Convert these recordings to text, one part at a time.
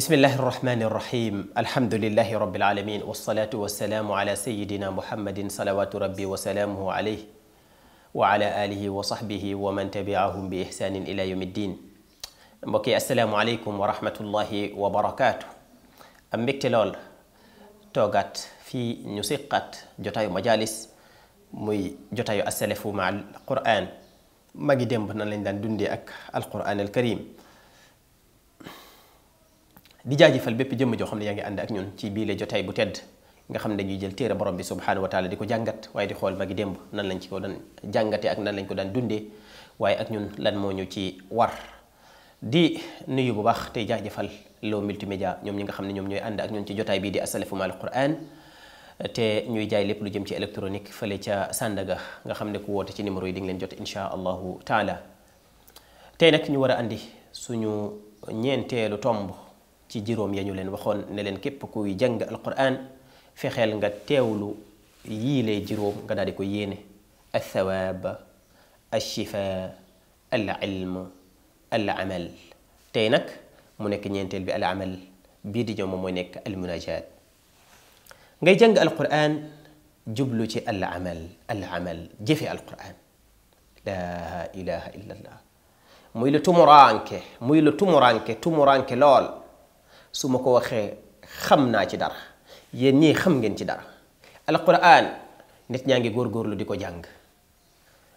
بسم الله الرحمن الرحيم الحمد لله رب العالمين والصلاة والسلام على سيدنا محمد صلوات ربي وسلامه عليه وعلى آله وصحبه ومن تبعهم بإحسان إلى يوم الدين مبكي السلام عليكم ورحمة الله وبركاته أم بكتلول توغات في نسيقة جتاي مجالس مي جتاي السلف مع القرآن ما قدم بنا لندن دندي أك القرآن الكريم di jaajëfal bépp jëmm joo xam ne yaa ànd ak ñun ci biile jotaay bu tedd nga xam ne dañuy jël téere borom bi subhaanahu wa taala di ko jàngat waaye di xool magi démb nan lañ ci ko daan jàngate ak nan lañ ko daan dundee waaye ak ñun lan moo ñu ci war di nuyu bu baax tey jaajëfal Lo multimédia ñoom ñi nga xam ne ñoom ñooy ànd ak ñun ci jotaay bii di asalafu maal quran te ñuy jaay lépp lu jëm ci électronique fële ca sàndaga nga xam ne ku woote ci numéro yi di nga leen jot insha allahu taala tey nag ñu war a andi suñu ñeenteelu tomb ci jiroom ya ñu leen waxoon ne leen képp kuy jàng alquran fexeel nga teewlu yiilee jiróom nga daal di ko yéene althawaab alchifa al ilm al amal tey nag mu nekk ñeenteel bi al amal bii di ñëw mooy nekk al munajat ngay jàng alquran jublu ci al amal al amal jëfe alquran la ilaha illa allah muy lu tumuranke muy lu tumuranke tumuranke lool suma ko waxe xamna ci dara yen ñi xam ngeen ci dara alquran nit ñangi gor gor lu diko jàng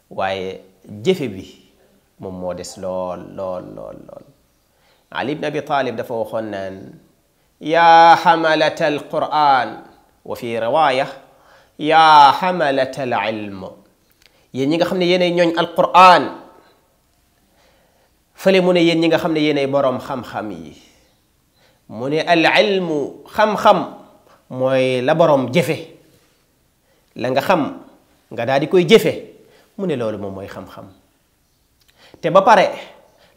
waye jëfe bi mom mo dess lol lol lol lol ali ibn abi talib dafa waxon nan ya hamalat alquran wa fi riwayah ya hamalat alilm ilm ñi nga xamne yene ñoñ alquran fële mu ne yen ñi nga xamne yene borom xam-xam yi mu ne al ilmu xam-xam mooy la borom jëfe la nga xam nga daal di koy jëfe mu ne loolu moom mooy xam-xam te ba pare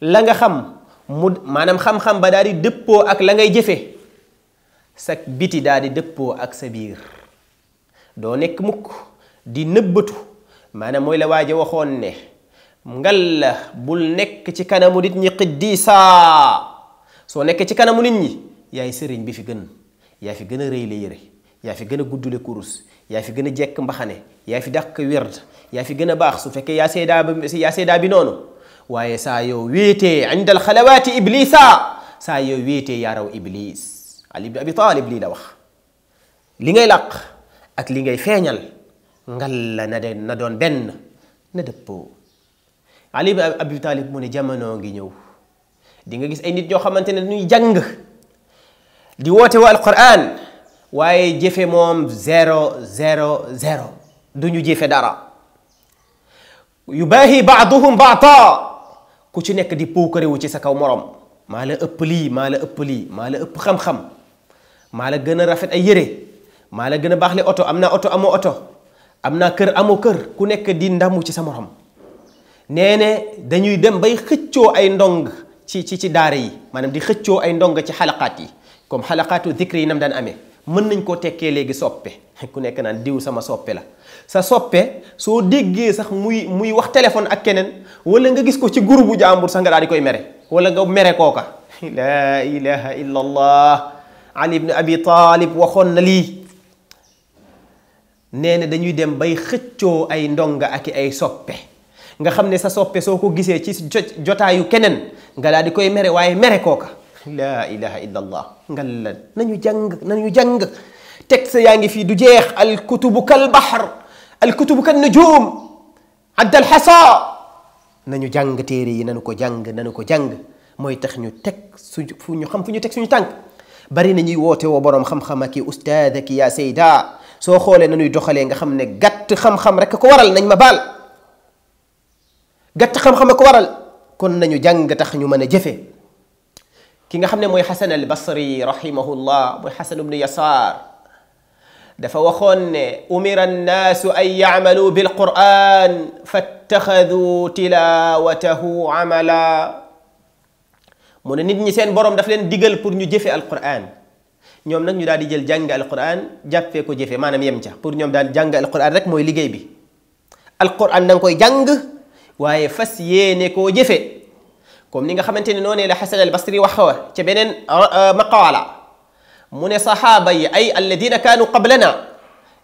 la nga xam mu maanaam xam-xam ba daal di dëppoo ak la ngay jëfe sa biti daal di dëppoo ak sa biir doo nekk mukk di nëbbatu maanam mooy la waaje waxoon ne ngal la bul nekk ci kanamu nit ñi xiddiisaa soo nekk ci kanamu nit ñi yaay sëriñ bi fi gën yaa fi gën a rëy la yére yaa fi gën a guddule kurus yaa fi gën a jekk mbaxane yaa fi dàq werd yaa fi gën a baax su fekkee yaa seedaa bi yaa seedaa bi noonu waaye saa yow wéetee inda al xalawaati iblisa saa yow wéetee yaa raw iblis ali ibn abi talib lii la wax li ngay làq ak li ngay feeñal ngal la na de na doon benn na dëppoo ali ibn abi talib mu ne jamono ngi ñëw di nga gis ay nit ñoo xamante ne ñuy jàng di wote wa alquran waye jëfe mom zéro zéro zéro jëfe dara yubahi ba'dhum ba'ta ku ci nek di wu ci sa kaw morom mala ëpp li mala ëpp li mala ëpp xam-xam mala gëna rafet ay yére mala gëna baxlé a amna auto amo auto amna kër amo kër ku nek di ndamu ci sa morom nee dañuy dem bay xëccoo ay ndong ci ci ci daara yi manam di xëccoo ay ndong ci xalaqaat yi comme xalaqaatu dikri yi nam daan amee mën nañ koo tekkee léegi soppe ku nekk naan diw sama soppe la sa soppe soo déggee sax muy muy wax téléphone ak keneen wala nga gis ko ci groupe bu jàmbur sax nga daal di koy mere wala nga mere kooka laa ilaha illa allah ali ibn waxoon na lii nee na dañuy dem bay xëccoo ay ndonga ak ay soppe nga xam ne sa soppe soo ko gisee ci jotaayu keneen nga daal di koy mere waaye mere kooka لا إله إلا الله قال نانيو جانغ نانيو جانغ تكس يانغي في دجيخ الكتب كالبحر الكتب كالنجوم عد الحصى نانيو جانغ تيري نانوكو جانغ نانوكو جانغ موي تخنيو تك فنيو خم فنيو تك سنيو تانك bari nañuy wote wo borom xam xam ak oustad ak ya sayda so xole nañuy doxale nga xamne gatt xam xam rek ko waral nañ ma bal gatt xam xam ko waral kon nañu jang ki nga xam ne mooy xasan al basri rahimahullah mooy xasan ibnu yasaar dafa waxoon ne umira annaasu an yaamalu bilquran fattaxaduu tilawatahu amala mu ne nit ñi seen borom daf leen digal pour ñu jëfe alquran ñoom nag ñu daal di jël jàng alquran jàppee ko jëfe maanaam yem ca pour ñoom daal jàng alquran rek mooy liggéey bi alquran da nga koy jàng waaye fas yéene koo jëfe كوم نيغا خامتيني نوني لا حسن البصري وخو تي بنين آه، مقاله من صحابي اي الذين كانوا قبلنا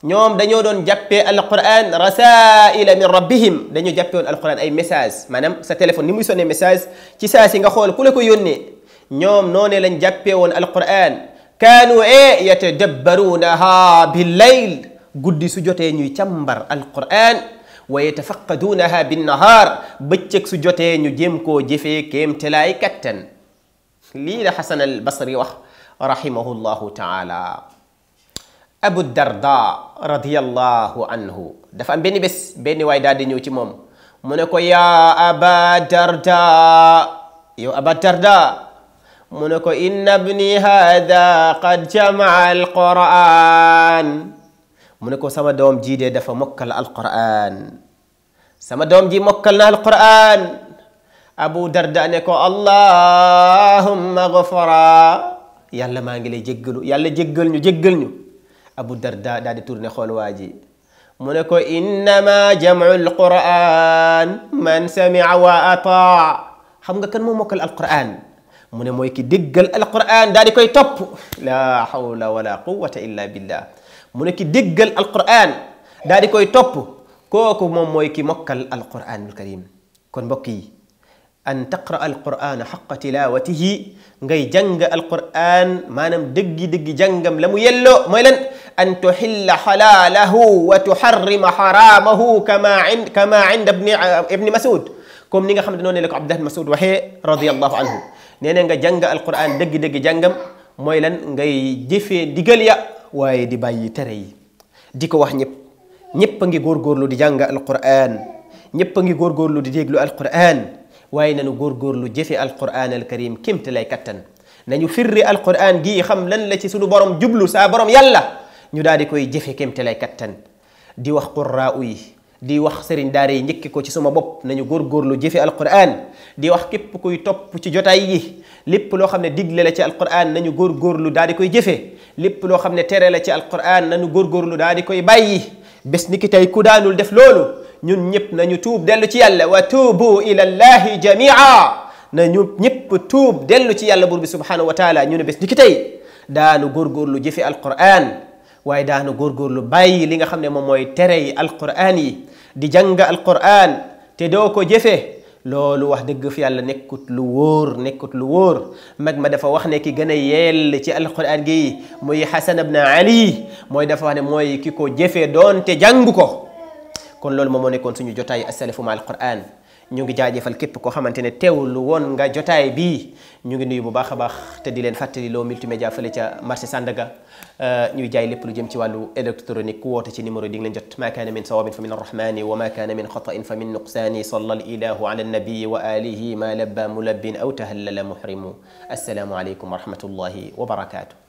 نيوم دانيو دون جابي القران رسائل من ربهم دانيو جابي القران اي مساج مانام سا تليفون نيموي سوني مساج تي ساسي غا خول كولكو يوني نيوم نوني لا جابي وون القران كانوا ايه يتدبرونها بالليل غودي سوجوتي نيوي تامبر القران ويتفقدونها بالنهار بتشك سجوتي نيو كو جيفي كيم تلاي كتن حسن البصري وح رحمه الله تعالى ابو الدرداء رضي الله عنه دفا بيني بس بيني واي دادي نيو منكو يا ابا الدرداء يا ابا الدرداء منكو ان ابني هذا قد جمع القران mu ne ko sama doom ji de dafa mokkal alquran sama doom ji mokkal na alquran abu darda ne ko allahumma gafara yàlla maa ngi lay jéggalu yàlla jéggal ñu jéggal ñu abu darda daal di tourné xool waa ji mu ne ko innama jamcu alquran man samica wa ataa xam nga kan moo mokkal alquran mu ne mooy ki déggal alquran daal di koy topp la hawla wala quwata illa billah mu ne ki déggal alquran daal di koy topp kooku moom mooy ki mokkal alquranul karim kon mbokk yi an taqra alqurana xaqa tilawatihi ngay jàng alquran maanaam dëggi-dëggi jàngam la mu yelloo mooy lan an tuxilla xalaalahu wa tuxarrima xaraamahu kama ind kama ind ibni ibni masud comme ni nga xam ne noonu la ko abdullah masud waxee radiallahu anhu nee na nga jàng alquran dëggi-dëggi jàngam mooy lan ngay jëfee digal ya waaye di bàyyi tere yi di ko wax ñëpp ñëpp a ngi góorgóorlu di jàng alquran ñëpp a ngi góorgóorlu di déglu alquran waaye nañu góorgóorlu jëfe alquran alkarim kémte lay kattan nañu firri alquran gi xam lan la ci suñu borom jublu saa borom yàlla ñu daal di koy jëfe kémte lay kattan di wax qurraa'u yi di wax sëriñ daara yi njëkki ko ci suma bopp nañu góorgóorlu jëfe alquran di wax képp koy topp ci jotaay yi lépp loo xam ne digle la ci alquran nañu góorgóorlu daal di koy jëfee lépp loo xam ne tere la ci alquran nañu góorgóorlu daal di koy bàyyi bés ni ki tey ku daanul def loolu ñun ñëpp nañu tuub dellu ci yàlla wa tuubu ila llahi jamia na ñu ñëpp tuub dellu ci yàlla buur bi subhanahu wa taala ñu ne bés ni ki tey daanu góorgóorlu jëfe alquran waaye daanu góorgóorlu bàyyi li nga xam ne moom mooy tere yi alquran yi di jàng alquran te doo ko jëfe loolu wax dëgg fi yàlla nekkut lu wóor nekkut lu wóor mag ma dafa wax ne ki gën a yell ci alquran gi muy Xasan ibn Ali mooy dafa wax ne mooy ki ko jëfee te jàng ko kon loolu moom moo nekkoon suñu jotaay asalafu ma alquran ñu ngi jaajëfal képp koo xamante ne teewlu woon nga jotaay bii ñu ngi nuyu bu baax a baax te di leen fàttali loo multimédia fële ca marché Sandaga ñuy jaay lépp lu jëm ci wàllu électronique ku woote ci numéro di nga leen jot ma kaana min sawabin fa min arrahmani wa ma kaana min xata'in fa min nuqsaani salla ilahu ala nabi wa alihi ma labba mulabbin aw tahallala muhrimu assalaamu alaykum wa rahmatullahi wa barakatuh